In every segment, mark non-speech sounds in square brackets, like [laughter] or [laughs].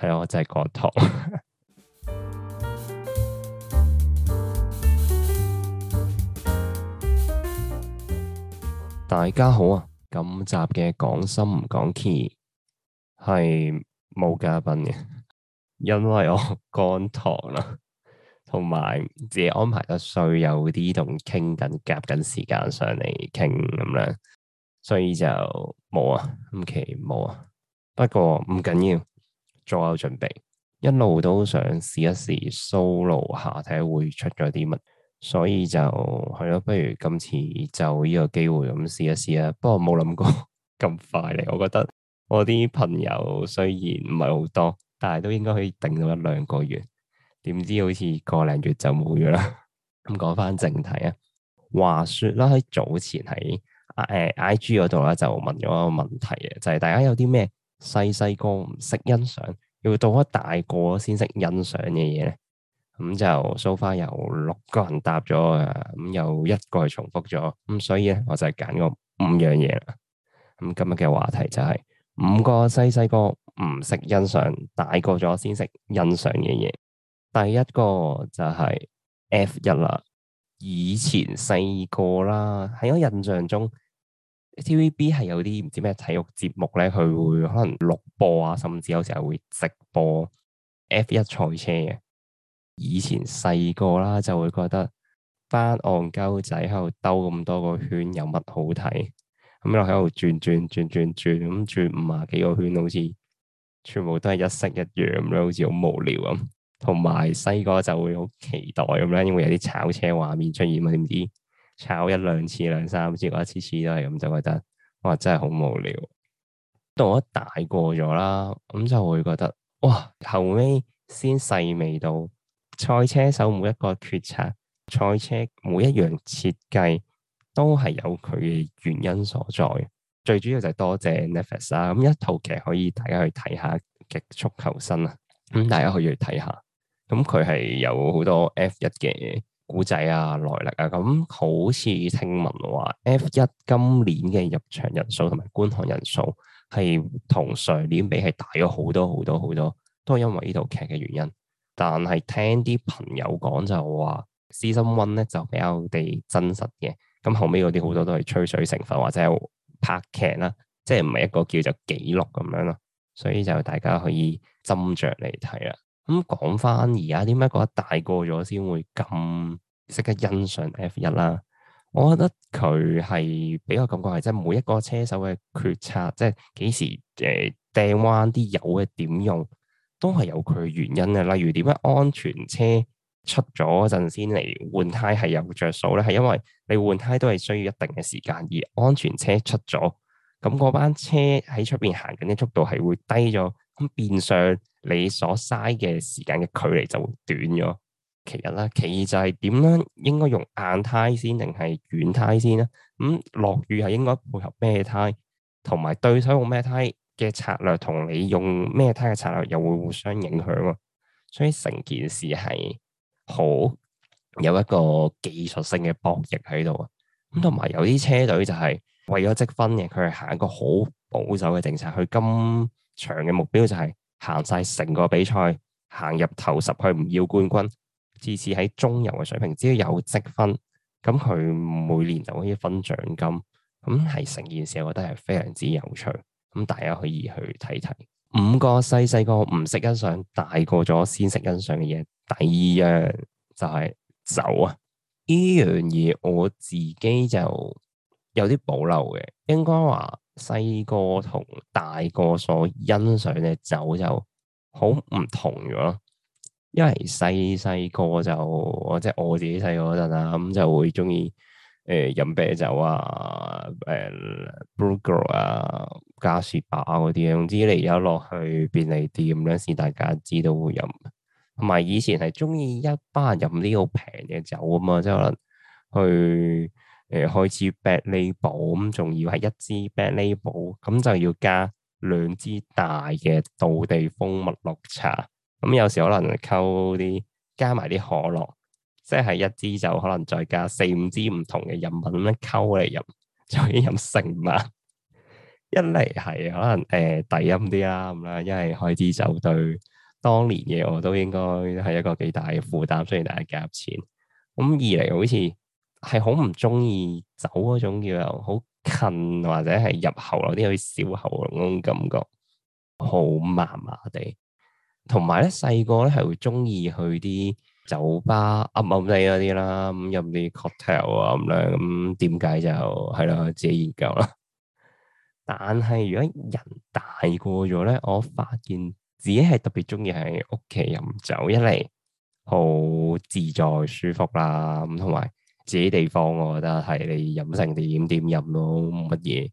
.係啊，我真係乾糖。大家好啊！今集嘅講心唔講 key 係冇嘉賓嘅，因為我乾糖啦，同埋自己安排得衰，有啲同傾緊夾緊時間上嚟傾咁樣，所以就冇啊，今期冇啊，不過唔緊要，要。做下準備，一路都想試一試 solo 下睇下會出咗啲乜，所以就係咯，不如今次就呢個機會咁試一試啊！不過冇諗過咁快嚟，我覺得我啲朋友雖然唔係好多，但係都應該可以頂到一兩個月。點知好似個零月就冇咗啦！咁講翻正題啊，話説啦，喺早前喺誒 IG 嗰度咧就問咗個問題嘅，就係、是、大家有啲咩細細個唔識欣賞？要到咗大個先識欣賞嘅嘢咧，咁就 so far 有六個人答咗啊，咁有一個重複咗，咁所以咧我就係揀咗五樣嘢啦。咁今日嘅話題就係、是、五個細細個唔識欣賞，大個咗先識欣賞嘅嘢。第一個就係 F1 啦，以前細個啦，喺我印象中。T.V.B 係有啲唔知咩體育節目咧，佢會可能錄播啊，甚至有時候會直播 F1 賽車嘅。以前細個啦就會覺得班戇鳩仔喺度兜咁多個圈有乜好睇？咁落喺度轉轉轉轉轉，咁轉，轉，轉，轉，轉，轉五啊幾個圈，好似全部都係一式一樣咁樣，好似好無聊咁。同埋細個就會好期待咁啦，因為有啲炒車畫面出現啊，點知？炒一兩次、兩三次，或者次次都係咁，就覺得哇，真係好無聊。到我一大過咗啦，咁就會覺得哇，後尾先細味到賽車手每一個決策，賽車每一樣設計，都係有佢嘅原因所在。最主要就係多謝 Netflix 啦，咁一套劇可以大家去睇下《極速求生》啊，咁大家可以去睇下。咁佢係有好多 F1 嘅。古仔啊，來歷啊，咁、嗯、好似聽聞話 F1 今年嘅入場人數同埋觀看人數係同上年比係大咗好多好多好多，都係因為呢套劇嘅原因。但係聽啲朋友講就話 season one 咧，就比較地真實嘅，咁後尾嗰啲好多都係吹水成分或者係拍劇啦，即係唔係一個叫做紀錄咁樣咯，所以就大家可以斟酌嚟睇啦。咁講翻而家點解覺得大個咗先會咁識得欣賞 F1 啦？我覺得佢係俾我感覺係即係每一個車手嘅決策，即係幾時誒掟彎，啲油嘅點用，都係有佢原因啊。例如點解安全車出咗陣先嚟換胎係有着數咧？係因為你換胎都係需要一定嘅時間，而安全車出咗，咁嗰班車喺出邊行緊啲速度係會低咗。咁變相你所嘥嘅時間嘅距離就會短咗。其一啦，其二就係點樣應該用硬胎先，定係軟胎先啦？咁、嗯、落雨係應該配合咩胎，同埋對手用咩胎嘅策略，同你用咩胎嘅策略又會互相影響啊！所以成件事係好有一個技術性嘅博弈喺度啊！咁同埋有啲車隊就係、是、為咗積分嘅，佢係行一個好保守嘅政策去咁。長嘅目標就係行晒成個比賽，行入頭十去，唔要冠軍，至少喺中游嘅水平，只要有積分，咁佢每年就可以分獎金。咁係成件事，我覺得係非常之有趣。咁大家可以去睇睇。五個細細個唔識欣賞，大個咗先識欣賞嘅嘢。第二樣就係酒啊，呢樣嘢我自己就有啲保留嘅，應該話。細個同大個所欣賞嘅酒就好唔同咗咯，因為細細個就即係我自己細個嗰陣啊，咁就會中意誒飲啤酒啊，誒、嗯、Brugal 啊、加雪碧啊嗰啲，總之你一落去便利店嗰時大家知道會飲。同埋以前係中意一班人飲啲好平嘅酒啊嘛，即係可能去。誒、呃，開支 Black Label 咁，仲要係一支 Black Label 咁，就要加兩支大嘅，道地蜂蜜綠茶，咁有時可能溝啲加埋啲可樂，即係一支就可能再加四五支唔同嘅飲品咧，溝嚟飲，就可以飲成晚。 [laughs] 一嚟係可能誒、呃、抵飲啲啦，咁啦，因為開支酒對當年嘅我都應該係一個幾大嘅負擔，雖然大家夾錢，咁二嚟好似。係好唔中意酒嗰種叫好近或者係入喉嗰啲好似小喉嚨嗰種感覺，好麻麻地。同埋咧細個咧係會中意去啲酒吧、暗暗地嗰啲啦，咁飲啲 cocktail 啊咁樣。咁點解就係啦，自己研究啦。但係如果人大過咗咧，我發現自己係特別中意喺屋企飲酒，一嚟好自在舒服啦，咁同埋。自己地方，我覺得係你飲成點點飲咯，冇乜嘢。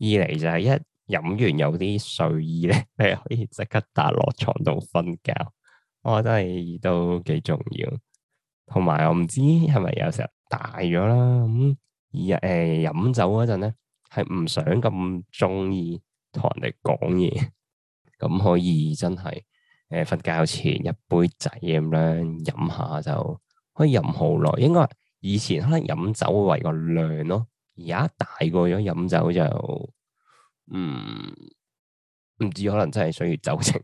二嚟就係一飲完有啲睡意咧，你可以即刻撻落床度瞓覺，我真係都幾重要。同埋我唔知係咪有時候大咗啦，咁而誒飲酒嗰陣咧係唔想咁中意同人哋講嘢，咁可以真係誒瞓覺前一杯仔咁樣飲下就可以飲好耐，應該。以前可能飲酒為個量咯，而家大個咗飲酒就，嗯，唔知可能真係需要酒精，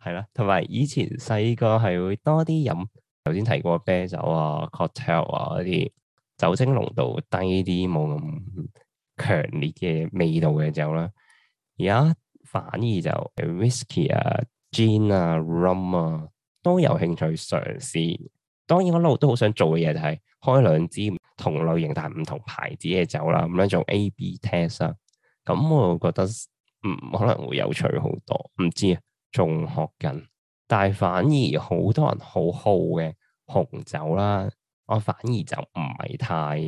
係 [laughs] 啦。同埋以前細個係會多啲飲，頭先提過啤酒啊、Cocktail 啊嗰啲酒精濃度低啲、冇咁強烈嘅味道嘅酒啦。而家反而就 Whisky 啊、Gin 啊、Rum 啊都有興趣嘗試。當然我一路都好想做嘅嘢就係開兩支同類型但係唔同牌子嘅酒啦，咁樣做 A B test 啊，咁我覺得嗯，可能會有趣好多，唔知啊，仲學緊，但係反而好多人好好嘅紅酒啦，我反而就唔係太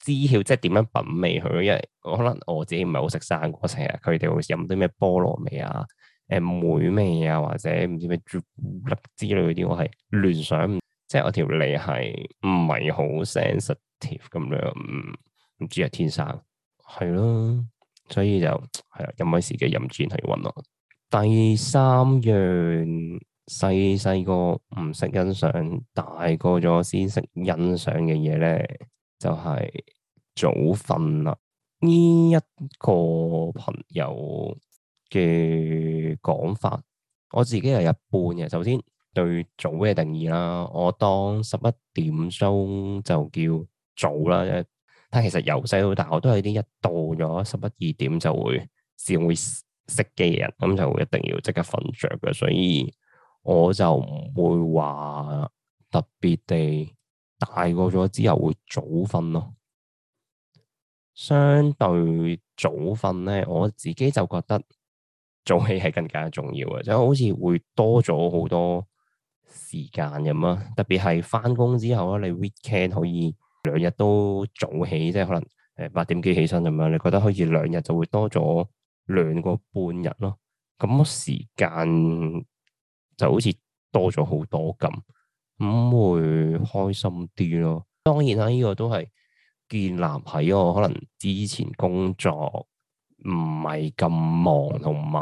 知曉，即係點樣品味佢，因為可能我自己唔係好食生果，成日佢哋會飲啲咩菠蘿味啊，誒梅味啊或者唔知咩朱古力之類嗰啲，我係聯想唔～即係我條脷係唔係好 sensitive 咁樣，唔、嗯、知啊，天生係咯，所以就係啊，咁偉時嘅任轉去搵咯。第三樣，細細個唔識欣賞，大個咗先識欣賞嘅嘢咧，就係、是、早瞓啦。呢一個朋友嘅講法，我自己係一般嘅。首先。對早嘅定義啦，我當十一點鐘就叫早啦。但其實由細到大，我都係啲一到咗十一二點就會先會熄機嘅人，咁就會一定要即刻瞓着嘅。所以我就唔會話特別地大個咗之後會早瞓咯。相對早瞓咧，我自己就覺得早起係更加重要嘅，就好似會多咗好多。時間咁啊，特別係翻工之後咧，你 weekend 可以兩日都早起，即係可能誒八點幾起身咁樣，你覺得好似兩日就會多咗兩個半日咯，咁時間就好似多咗好多咁，咁會開心啲咯。當然啦、啊，呢、呢個都係建立喺我可能之前工作唔係咁忙，同埋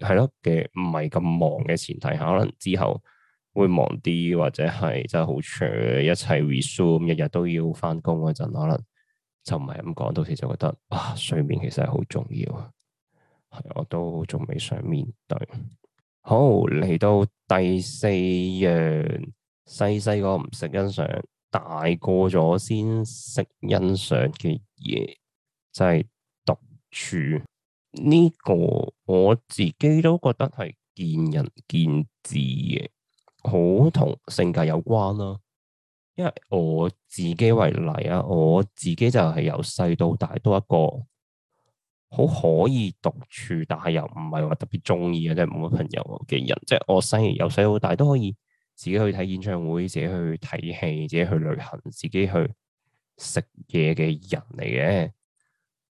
係咯嘅唔係咁忙嘅前提下，可能之後，會忙啲，或者係真係好長，一切 resume，日日都要翻工嗰陣，可能就唔係咁講。到時就覺得啊，睡眠其實係好重要，係我都仲未想面對。好嚟到第四樣細細個唔識欣賞，大個咗先識欣賞嘅嘢，就係獨處。呢個，我自己都覺得係見仁見智嘅。好同性格有關啦、啊，因為我自己為例啊，我自己就係由細到大都一個好可以獨處，但係又唔係話特別中意，即係冇朋友嘅人。即、就、係、是，我雖然由細到大都可以自己去睇演唱會，自己去睇戲，自己去旅行，自己去食嘢嘅人嚟嘅。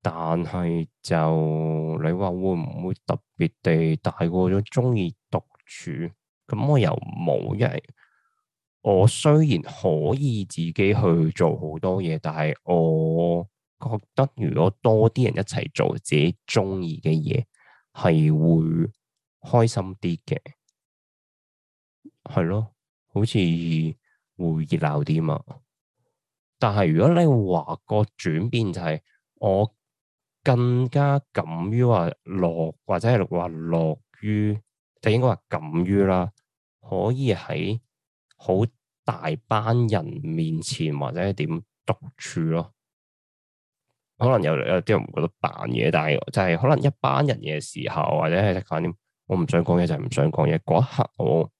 但係就你話會唔會特別地大個咗中意獨處？咁我又冇，因為我雖然可以自己去做好多嘢，但係我覺得如果多啲人一齊做自己中意嘅嘢，係會開心啲嘅。係咯，好似會熱鬧啲嘛。但係如果你話個轉變就係我更加敢於話樂，或者係話樂於，就應該話敢於啦。可以喺好大班人面前或者點獨處咯，可能有有啲人唔覺得扮嘢，但係就係可能一班人嘅時候或者係點，我唔想講嘢就係唔想講嘢。嗰一刻我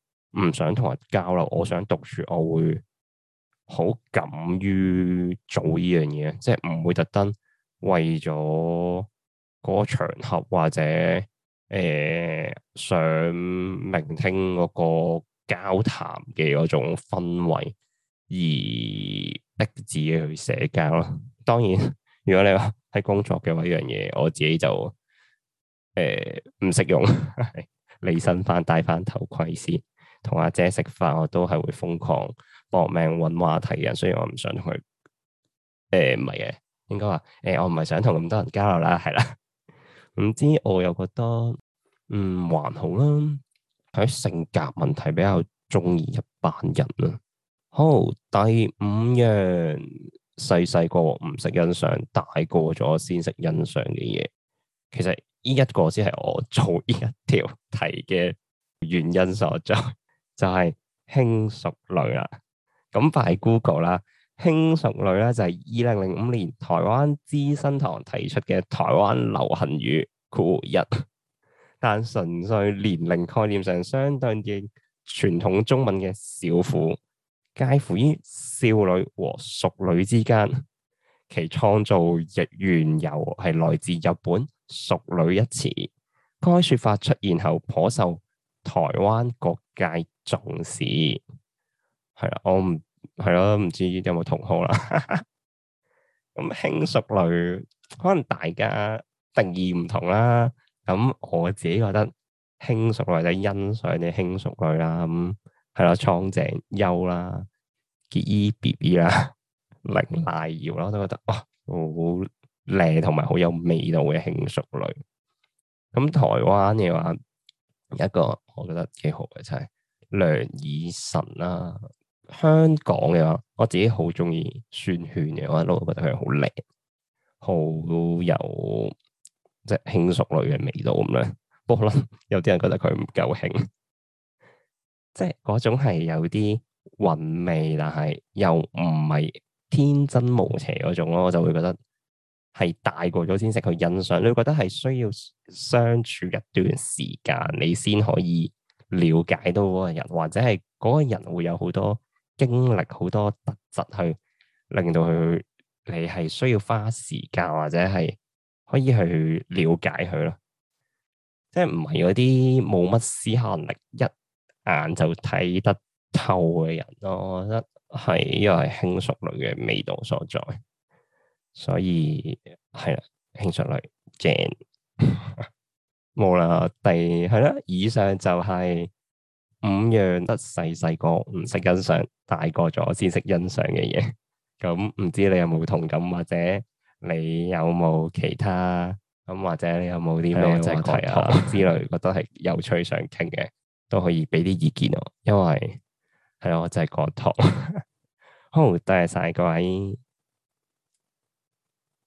唔想同人交流，我想獨處，我會好敢於做呢樣嘢，即係唔會特登為咗嗰個場合或者。誒、呃，想聆聽嗰個交談嘅嗰種氛圍，而逼自己去社交咯。當然，如果你話喺工作嘅話，呢樣嘢我自己就誒唔適用。離 [laughs] 身翻，戴翻頭盔先。同阿姐食飯，我都係會瘋狂搏命搵話題嘅。所以我唔想同佢，誒唔係嘅，應該話，誒、呃、我唔係想同咁多人交流啦，係啦。唔知我又覺得，嗯，還好啦，喺性格問題比較中意一班人啦。好，第五樣細細個唔識欣賞，大個咗先識欣賞嘅嘢，其實呢一個先係我做呢一條題嘅原因所在，就係、是、輕熟女啦、啊。咁快 Google 啦。輕熟女咧就係二零零五年台灣資生堂提出嘅台灣流行語，顧一，但純粹年齡概念上相對嘅傳統中文嘅少婦，介乎於少女和熟女之間。其創造日源由係來自日本熟女一詞。該說法出現後，頗受台灣各界重視。係啦，我唔。係咯，唔知有冇同好啦。咁、嗯、輕熟女可能大家定義唔同啦。咁、嗯、我自己覺得輕熟女或者欣賞啲輕熟女啦。咁係咯，蒼井優啦，結衣 B B 啦，綾瀨遙啦，我都覺得哦，好靚同埋好有味道嘅輕熟女。咁、嗯、台灣嘅話，一個我覺得幾好嘅就係、是、梁以晨啦。香港嘅話，我自己好中意宣萱，嘅話，我都覺得佢好靚，好有即係輕熟女嘅味道咁樣。不過可能有啲人覺得佢唔夠興，即係嗰種係有啲韻味，但係又唔係天真無邪嗰種咯。我就會覺得係大個咗先識去欣賞，你會覺得係需要相處一段時間，你先可以了解到嗰個人，或者係嗰個人會有好多。經歷好多特質去，去令到佢，你係需要花時間或者係可以去了解佢咯。即係唔係嗰啲冇乜思考能力，一眼就睇得透嘅人咯。我覺得係呢個係輕熟女嘅味道所在。所以係啦，輕熟女正。冇啦， [laughs] 第係啦，以上就係、是。五樣得細細個唔識欣賞，大個咗先識欣賞嘅嘢。咁 [laughs] 唔、嗯、知你有冇同感，或者你有冇其他咁、嗯，或者你有冇啲咩話題啊，啊之類，覺得係有趣想傾嘅，都可以俾啲意見我，因為係我真係講堂。 [laughs] 好，多謝晒各位。